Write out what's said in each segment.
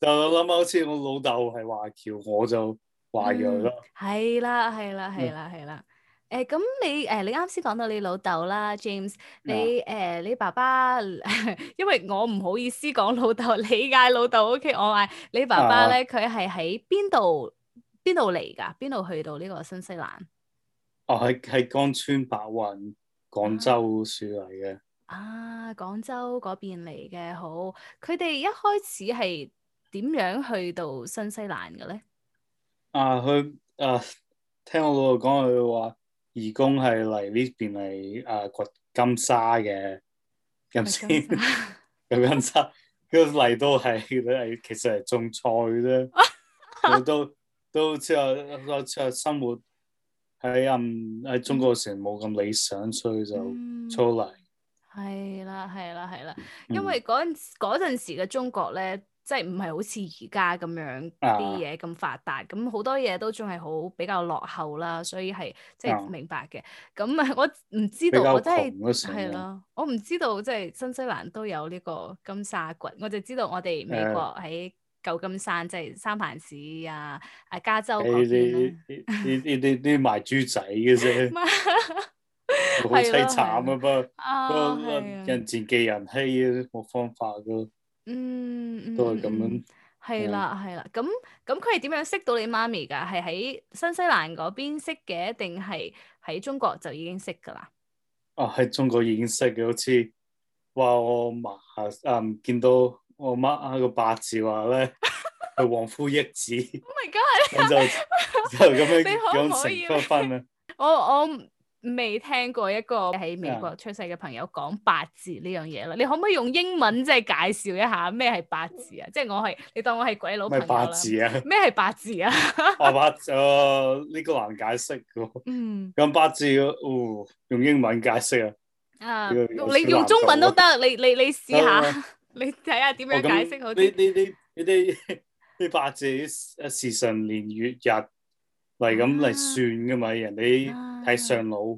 就我諗，好似我老豆係華僑，我就華裔咯。係、嗯、啦，係啦，係啦，係啦、嗯。誒、欸，咁你誒，你啱先講到你老豆啦，James 你。你誒、啊欸，你爸爸， 因為我唔好意思講老豆，你嗌老豆 O K，我嗌你爸爸咧，佢係喺邊度？邊度嚟噶？邊度去到呢個新西蘭？哦、啊，喺喺江村白雲廣州樹嚟嘅。啊，廣州嗰邊嚟嘅，好。佢哋一開始係。點樣去到新西蘭嘅咧？啊，佢啊！聽我老豆講，佢話義工係嚟呢邊嚟啊掘金沙嘅，咁先掘金沙，跟住嚟到係佢哋係其實係種菜啫，都都即係即係生活喺暗喺中國嘅時候冇咁理想，所以就出嚟。係啦，係啦，係啦，因為嗰陣嗰陣時嘅中國咧。即係唔係好似而家咁樣啲嘢咁發達，咁好、啊、多嘢都仲係好比較落後啦，所以係即係明白嘅。咁啊，我唔知道，我真係係咯，我唔知道即係新西蘭都有呢個金沙礦，我就知道我哋美國喺舊金山即係、啊、三藩市啊，啊加州嗰邊咧。呢啲啲賣豬仔嘅啫，好凄慘啊！不，人前忌人欺、欸、啊，冇方法都。嗯，都係咁樣。係啦，係啦。咁咁，佢係點樣識到你媽咪噶？係喺新西蘭嗰邊識嘅，定係喺中國就已經識噶啦？哦，喺中國已經識嘅，好似話我媽，嗯，見到我媽個八字話咧，係旺 夫益子。唔 h、Oh my god！ 就就咁樣相識結婚我我。我我未聽過一個喺美國出世嘅朋友講八字呢樣嘢咯，你可唔可以用英文即係介紹一下咩係八字啊？即係我係你當我係鬼佬朋友啦。咩八字啊？咩係八字啊？我八字誒，呢個難解釋嘅。嗯。咁八字哦，用英文解釋啊？啊，你用中文都得，你你你試下，你睇下點樣解釋好啲。呢呢呢呢呢八字誒，時辰年月日。嚟咁嚟算噶嘛，啊、人哋睇上腦，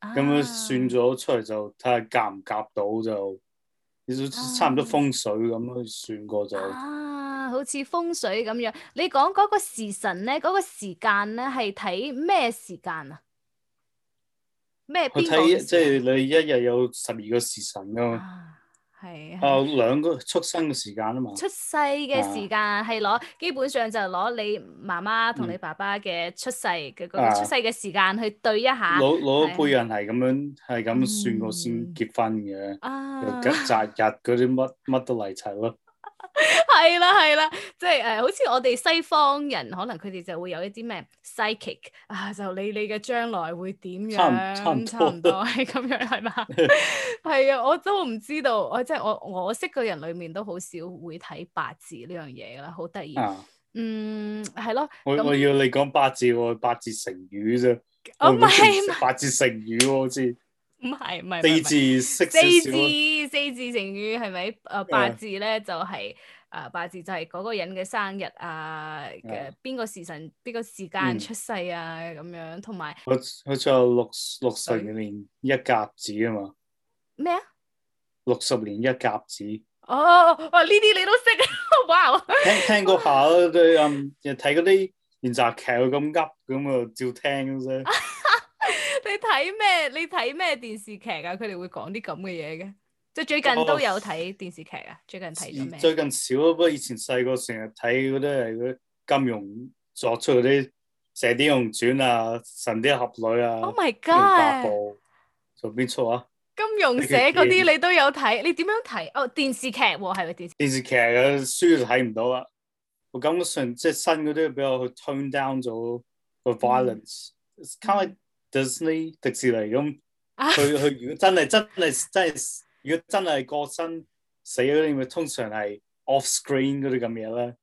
咁、啊、樣算咗出嚟就睇下夾唔夾到就，呢種差唔多風水咁樣算過咗，啊，好似風水咁樣，你講嗰個時辰咧，嗰、嗰個時間咧係睇咩時間啊？咩佢睇即係你一日有十二個時辰噶、啊、嘛？啊係啊，誒兩個出生嘅時間啊嘛，出世嘅時間係攞、啊、基本上就攞你媽媽同你爸爸嘅出世嘅、嗯、出世嘅時間去對一下，攞攞、啊啊、一輩人係咁樣係咁、嗯、算過先結婚嘅，吉吉、啊、日嗰啲乜乜都嚟齊囉。係啦，係啦，即係誒，好似我哋西方人，可能佢哋就會有一啲咩 psychic 啊，就你你嘅將來會點樣？差唔多，多，係咁樣係嘛？係啊， 我都唔知道，我即係我我識嘅人裏面都好少會睇八字呢樣嘢啦，好得意。啊、嗯，係咯。我要你講八字八字成語啫。唔係、哦，八字成語好似唔係唔係四字識少少。四字四字成語係咪？誒八字咧就係誒八字就係、是、嗰個人嘅生日啊嘅邊 Yeah. 個時辰邊個時間出世啊咁、嗯、樣，同埋好似有六十六十年一甲子啊嘛。咩啊麼？六十年一甲子。哦，呢啲你都識啊！哇，哇聽聽過下咯， 對啊，睇嗰啲連續劇咁噏咁啊，照聽啫 。你睇咩？你睇咩電視劇啊？佢哋會講啲咁嘅嘢嘅。即係最近都有睇電視劇啊？最近睇啲咩？最近少，不過以前細個成日睇嗰啲係嗰金庸作出嗰啲《射鵰英雄傳》啊，《神鵰俠侶》啊。Oh my god！做邊出啊？金庸寫嗰啲你都有睇？你點樣睇？哦，電視劇係咪？電視劇嘅書就睇唔到啦。我感覺上即係新嗰啲比較去 tone down 咗個 violence，kind of 迪士尼、迪士尼咁，佢佢如果真係真係真係。如果真係過身死咗，你咪通常係 off screen 嗰啲咁嘢咧。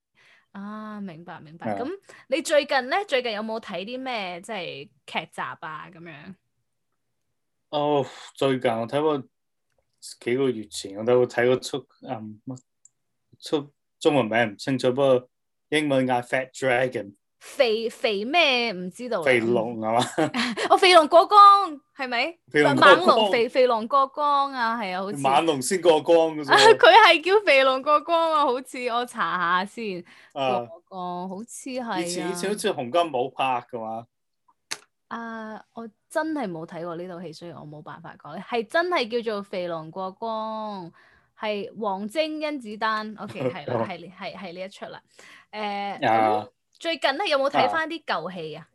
啊，明白明白。咁係嘅。你最近咧，最近有冇睇啲咩即係劇集啊咁樣？哦，oh, 最近我睇過幾個月前我都有睇過出啊乜、嗯、出中文名唔清楚，不過英文嗌 Fat Dragon。肥肥咩唔知道？肥龍係嘛？我肥龍過江係咪？猛龍肥肥龍過江啊，係啊，好似。猛龍先過江嘅啫。佢係叫肥龍過江啊，好似我查下先。過江好似係。以前以前好似洪金寶拍嘅嘛。啊！我真係冇睇過呢套戲，所以我冇辦法講。係真係叫做肥龍過江，係王晶、甄子丹。OK，係啦，係係係呢一出啦。誒。有。最近咧有冇睇翻啲舊戲啊？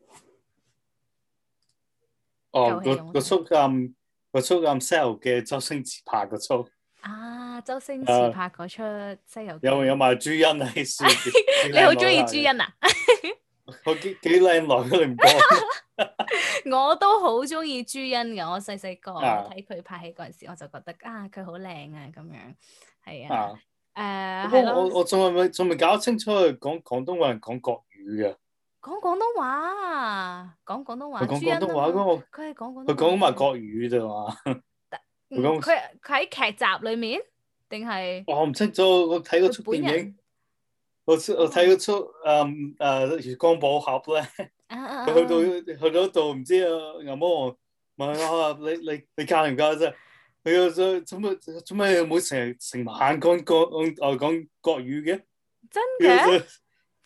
哦，個個出咁個出咁 sell 嘅周星馳拍嘅出啊，周星馳拍嗰出西遊記有有埋朱茵喺書，你好中意朱茵啊？幾幾靚女，你唔講啊？我都好中意朱茵噶，我細細個睇佢拍戲嗰陣時，我就覺得啊，佢好靚啊，咁樣係啊，誒，不過我我仲係咪仲未搞清楚講廣東話人講國？語嘅，講廣東話啊，講廣東話。講廣東話個，佢係講，佢講埋國語啫嘛。佢講佢佢喺劇集裏面定係？我唔清楚，我睇嗰出電影，我我睇嗰出誒誒《月、嗯啊、光寶盒》咧、 啊。佢 去到去到度，唔知啊牛魔王問阿你你你教唔教啫？你做做咩做咩冇成成晚講講哦講國語嘅？真嘅的？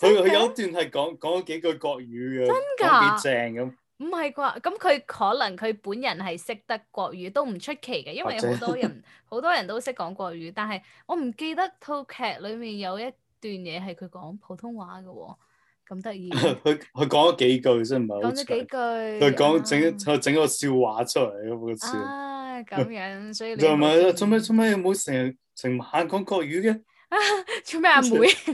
佢佢有一段係講講咗幾句國語嘅，真㗎，幾正咁。唔係啩？咁佢可能佢本人係識得國語都唔出奇嘅，因為好多人好多人都識講國語。但係我唔記得套劇裡面有一段嘢係佢講普通話嘅喎，咁得意。佢佢 講咗幾句真唔係好。講咗幾句，佢講整佢整個笑話出嚟咁嘅笑。唉，咁、啊、樣所以你。做咩？做咩？做咩冇成成晚講國語嘅？ 啊，做咩阿妹？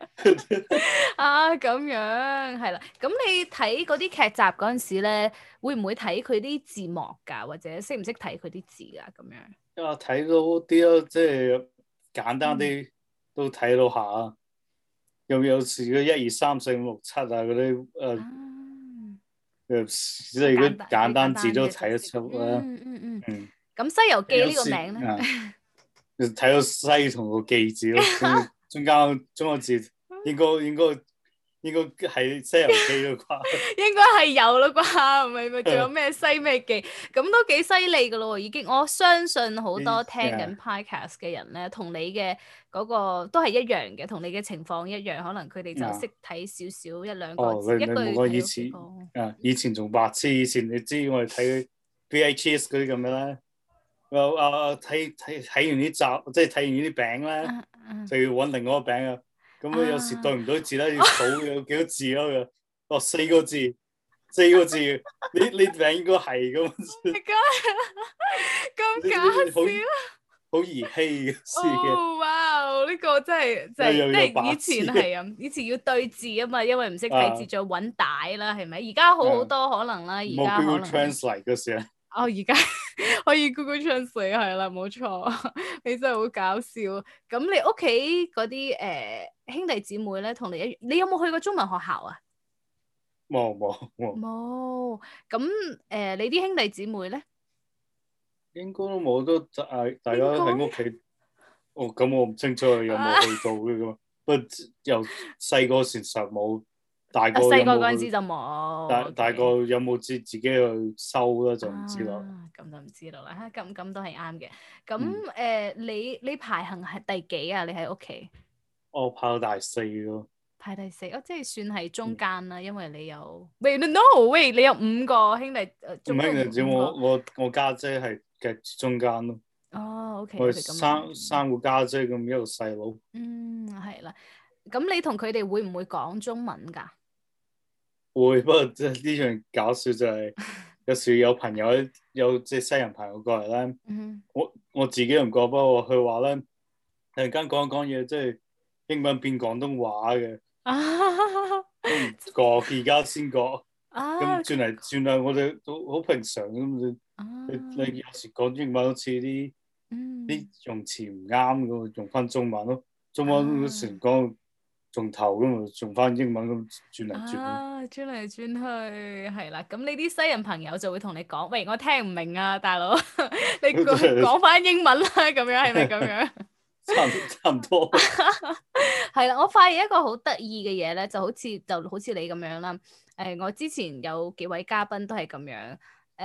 啊，咁樣係啦。咁你睇嗰啲劇集嗰陣時咧，會唔會睇佢啲字幕噶？或者識唔識睇佢啲字的啊？咁樣啊，因為睇到啲咯，即係簡單啲、嗯、都睇到下。有有時嘅一二三四五六七啊，嗰啲誒即係如果簡單，簡單，簡單字都睇得出啦。嗯嗯嗯。咁、嗯《嗯嗯、西遊記》呢個名咧，睇、嗯啊、到西同個記字咯。 中間中個字應該應該應該喺西遊記咯啩，應該係 有咯啩，唔係咪仲有咩西咩記？咁 都幾犀利噶咯，已經我相信好多聽緊 podcast 嘅人咧，同 Yeah. 你嘅嗰、嗰個都係一樣嘅，同你嘅情況一樣，可能佢哋就識睇少少一兩個，Yeah . oh, 一句要詞啊，以前仲白痴，以前你知我哋睇 VHS 嗰啲咁樣啦。啊啊睇睇睇完啲集，即係睇完呢啲餅咧，就要搵另外個餅噶。咁啊有時對唔到字啦，要數有幾多字咯。哦，四個字，四個字。呢呢餅應該係咁。咁假啊？咁搞笑。好兒戲嘅。哦，哇！呢個真係真係，即係以前係咁，以前要對字啊嘛，因為唔識睇字，再搵帶啦，係咪？而家好好多可能啦，而家可能。哦，而家可以咕咕唱死，係啦，冇錯，你真係好搞笑。咁你屋企嗰啲誒兄弟姊妹咧，同你一樣，你有冇去過中文學校啊？冇冇冇。冇。咁誒，你啲兄弟姊妹咧？應該都冇，都誒，大家喺屋企。哦，咁我唔清楚有冇去到嘅噉，不由細個時實冇。大有有、啊、個細個嗰陣時就冇，大大個有冇自自己去收咧就唔知啦。咁、啊、就唔知咯啦吓，咁咁都係啱嘅。咁誒、嗯呃，你呢排行係第幾啊？你喺屋企，我排到第四咯。排第四，我、哦、即係算係中間啦，嗯、因為你有喂不，no wait 你有五個兄弟誒，有五我我我家姐係嘅中間咯。哦，OK，我三三個家姐咁一個細佬。嗯，係啦。咁你同佢哋會唔會講中文噶？會，不過即係呢樣搞笑就係、是、有時有朋友有即係西人朋友過嚟咧，mm hmm. 我我自己唔覺，不過佢話咧突然間講一講嘢，即、就、係、是、英文變廣東話嘅， 都唔覺，而家先覺，咁轉嚟轉下我哋都好平常咁， 你你有時講英文好似啲啲用詞唔啱嘅，用翻中文咯，中文成講。Mm hmm. 仲頭咁啊，仲翻英文咁轉嚟轉。啊，轉嚟轉去，係啦。咁你啲西人朋友就會同你講，喂，我聽唔明啊，大佬，你講翻英文啦。咁樣係咪咁樣？是是樣 差唔差唔多。係啦， 我發現一個好得意嘅嘢咧，就好似就好似你咁樣啦。誒、呃，我之前有幾位嘉賓都係咁樣。誒、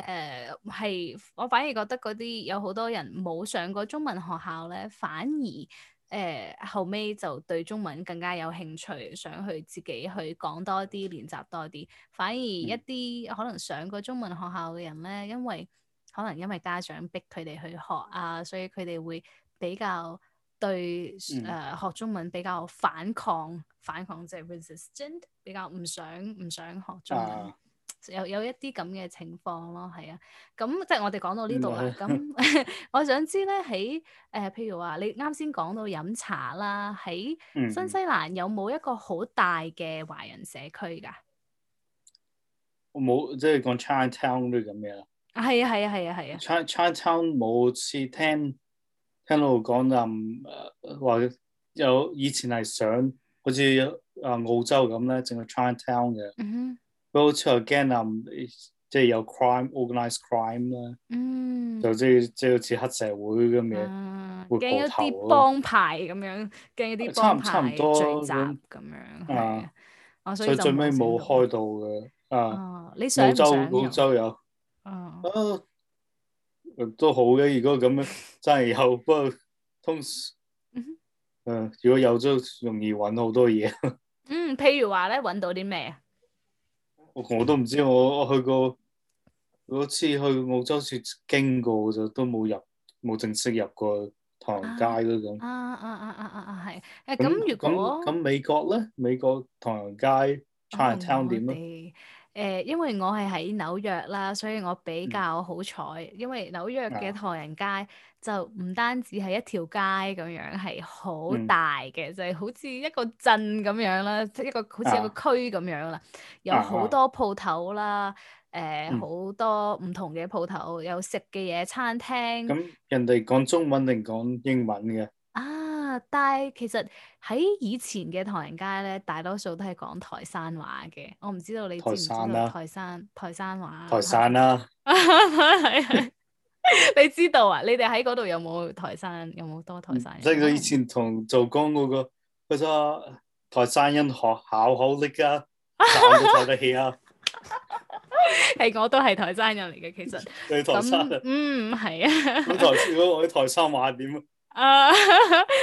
呃，係我反而覺得嗰啲有好多人冇上過中文學校咧，反而。誒、呃、後尾就對中文更加有興趣，想去自己去講多啲，練習多啲。反而一啲可能上過中文學校嘅人咧，因為可能因為家長逼佢哋去學啊，所以佢哋會比較對誒、呃、學中文比較反抗，反抗即係 resistant，比較唔想唔想學中文。啊。有有一啲咁嘅情況咯，係啊，咁即係我哋講到呢度啦。咁我想知咧，喺誒譬如話，你啱先講到飲茶啦，喺新西蘭有冇一個好大嘅華人社區㗎？我冇，即係講 Chinatown 都咁嘅啦。啊，係啊，係啊，係啊，係啊。Chin Chinatown 冇，似聽聽到講就，誒話有以前係想好似啊澳洲咁咧，淨係 Chinatown 嘅。都出 again，即係有 crime，organized crime 啦，就即係即係好似黑社會咁樣，會驚一啲幫派咁樣，驚一啲幫派差唔多咁樣。啊，所以最尾冇開到嘅。啊，澳洲澳洲有。啊，都好嘅。如果咁樣真係有，不過通，誒，如果有都容易揾到好多嘢。嗯，譬如話咧，揾到啲咩啊？我，我都唔知，我我去過嗰次去澳洲時經過就都冇入，冇正式入過唐人街嗰種、啊那啊。啊啊啊啊啊啊，係、啊。誒咁、啊、那如果咁美國咧，美國唐人街 Chinatown 點咧？誒、啊呃，因為我係喺紐約啦，所以我比較好彩，嗯、因為紐約嘅唐人街。啊就唔單止係一條街咁樣，係、嗯、好大嘅，就係好似一個鎮咁樣啦，一個好似一個區咁樣、啊、啦，有好多鋪頭啦，誒，好多唔同嘅鋪頭，有食嘅嘢，餐廳。咁、嗯、人哋講中文定講英文嘅？啊，但係其實喺以前嘅唐人街咧，大多數都係講台山話嘅。我唔知道你知唔知道？台山、啊、台山，台山話。台山啦、啊。係係。 你知道啊？你哋喺嗰度有冇台山？有冇多台山人？即係佢以前同做工嗰個，嗰個台山因學校好叻噶，考到台德器啊。係我都係台山人嚟嘅，其實。你台山人？唔係啊。咁台，如果我啲台山話點？啊，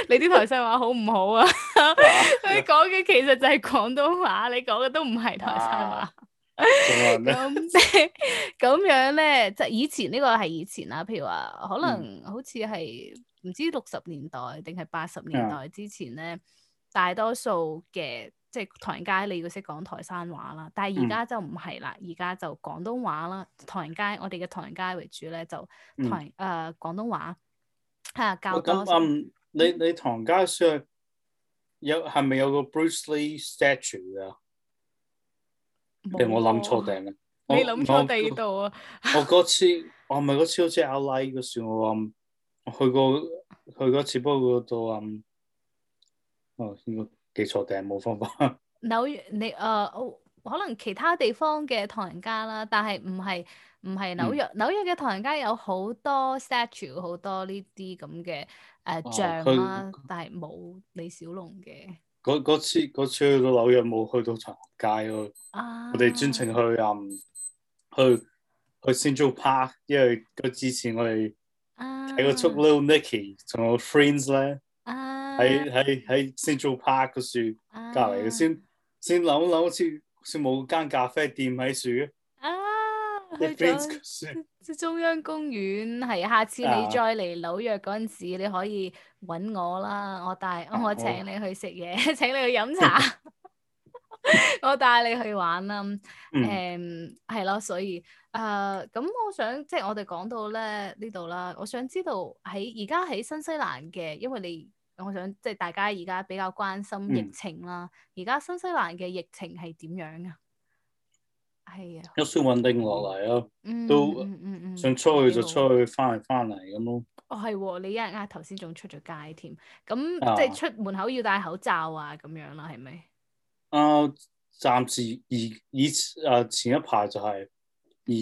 你啲台山話好唔好啊？ 你講嘅其實就係廣東話，你講嘅都唔係台山話。啊咁咁 樣咧，就以前呢個係以前啦。譬如話，可能好似係唔知六十年代定係八十年代之前咧，嗯、大多數嘅即係唐人街，你要識講台山話啦。但係而家就唔係啦，而家、嗯、就廣東話啦。唐人街，我哋嘅唐人街為主咧，就唐誒廣、嗯呃、東話吓、啊、較多。咁你你唐人街上有係咪有個 Bruce Lee statue 㗎？嗯係我諗錯定嘅，你諗錯地度啊！我嗰、啊、 次，我唔係嗰次好似阿拉。i k 嘅時我話，我去過，去嗰次不過嗰度啊，哦、嗯、應該記錯定冇方法。紐約你誒、呃哦，可能其他地方嘅唐人街啦，但係唔係唔係紐約。紐、嗯、約嘅唐人街有好多 statue，好多呢啲咁嘅誒像啦，它但係冇李小龍嘅。嗰次嗰次那去到紐約冇去到唐人街喎，uh, 我哋專程去啊、嗯，去去 Central Park，因為個之前我哋喺個速 Little Nicky 同我 friends 咧喺喺喺 Central Park 個樹隔離嘅先先諗諗好似好冇間咖啡店喺樹嘅，啲 friends 個樹。中央公園係，下次你再嚟紐約嗰陣時，啊、你可以揾我啦，我帶、啊、我請你去食嘢，的請你去飲茶， 我帶你去玩啦。誒、嗯，係咯、um,，所以誒咁，呃、我想即係我哋講到咧呢度啦。我想知道喺而家喺新西蘭嘅，因為你我想即係大家而家比較關心疫情啦。而家、嗯、新西蘭嘅疫情係點樣啊？係、哎、啊，一算穩定落嚟咯，都想、嗯嗯嗯、出去就出去，翻嚟翻嚟咁咯。啊、哦，係喎、哦，你一啱頭先仲出咗街添，咁即係出門口要戴口罩啊，咁樣啦，係咪？啊，暫、啊呃、時而以啊、呃、前一排就係、是，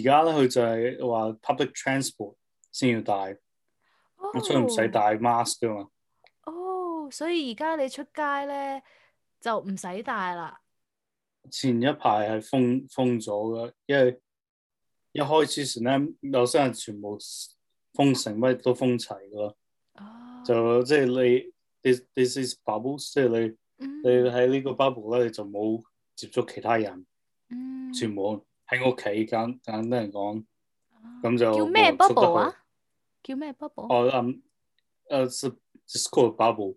而家咧佢就係話 public transport 先要戴，出唔使戴 mask 噶嘛。哦，所以而家你出街咧就唔使戴啦。哦前一排係封封咗嘅，因為一開始時咧，有啲人全部封城，乜都封齊咯。哦、oh.，就即係你，this this is bubble，即係你，mm. 你喺呢個 bubble 咧，你就冇接觸其他人。Mm. 全部喺屋企簡簡單嚟講，咁就叫咩 bubble 啊？叫咩、oh, um, uh, bubble？哦，諗誒，是叫 bubble。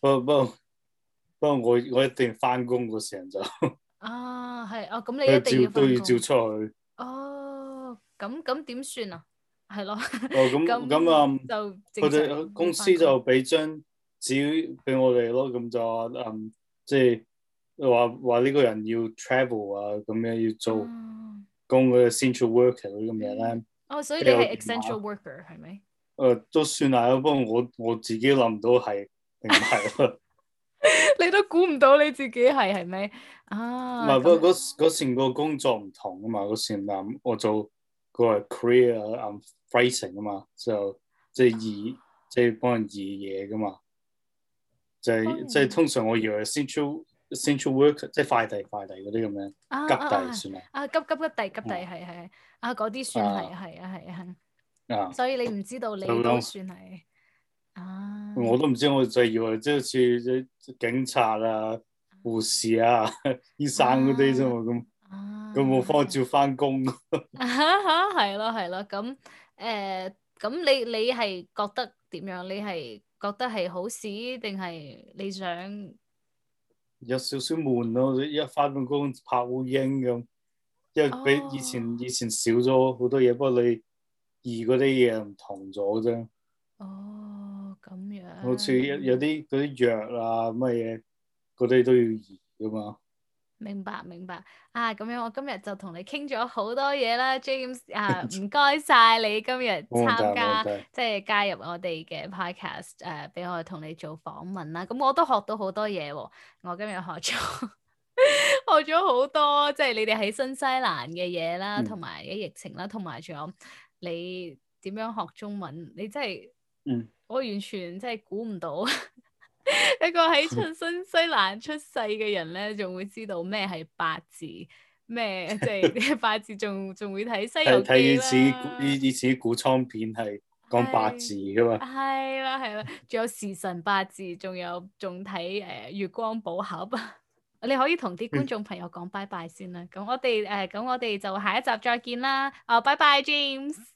不過不過不過我我一定翻工嗰時就 啊係哦咁、嗯、你一定要都要照出去哦咁咁點算啊係咯哦咁咁啊就佢正哋公司就俾張紙俾我哋咯咁就嗯即係話話呢個人要 travel 啊咁樣、嗯、要做工嘅 essential worker 啲咁嘢咧，哦所以你係 essential worker 係咪？誒都算啦不過我我，我自己諗唔到係。唔係 你都估唔到你自己係係咪？啊？唔係，不過嗰嗰時個工作唔同啊嘛，嗰時，但我做嗰個 career and facing 啊嘛，就即係移即係幫人移嘢噶嘛，就係即係通常我以為 central central worker 即係快遞快遞嗰啲咁樣急遞算啊急急急遞急遞係係啊嗰啲算係係啊係啊啊，所以你唔知道你都算係。啊！我都唔知，我就以為即係似啲警察啊、護士啊、醫生嗰啲啫嘛，咁咁冇方照翻工。吓吓係咯係咯，咁誒、啊，咁、啊啊啊呃、你你係覺得點樣？你係覺得係好事定係你想有少少悶咯？一翻到工拍烏蠅咁，因為比以前、哦、以前少咗好多嘢，不過你而嗰啲嘢唔同咗啫。哦，咁樣好似有啲嗰啲藥啊，乜嘢嗰啲都要熱噶嘛？明白明白啊！咁樣我今日就同你傾咗好多嘢啦，James 啊，唔該晒你今日參加，即係加入我哋嘅 Podcast 誒、啊，俾我同你做訪問啦。咁、嗯、我都學到好多嘢喎、哦，我今日學咗 學咗好多，即係你哋喺新西蘭嘅嘢啦，同埋嘅疫情啦，同埋仲有你點樣學中文，你真係～嗯，我完全即係估唔到， 一個喺出新西蘭出世嘅人咧，仲會知道咩係八字，咩即係八字，仲仲會睇西遊記睇似呢啲似古裝片係講八字噶嘛？係啦係啦，仲有時辰八字，仲有仲睇誒月光寶盒。 你可以同啲觀眾朋友講拜拜先啦。咁、嗯、我哋誒，咁、呃、我哋就下一集再見啦。哦，拜拜，James。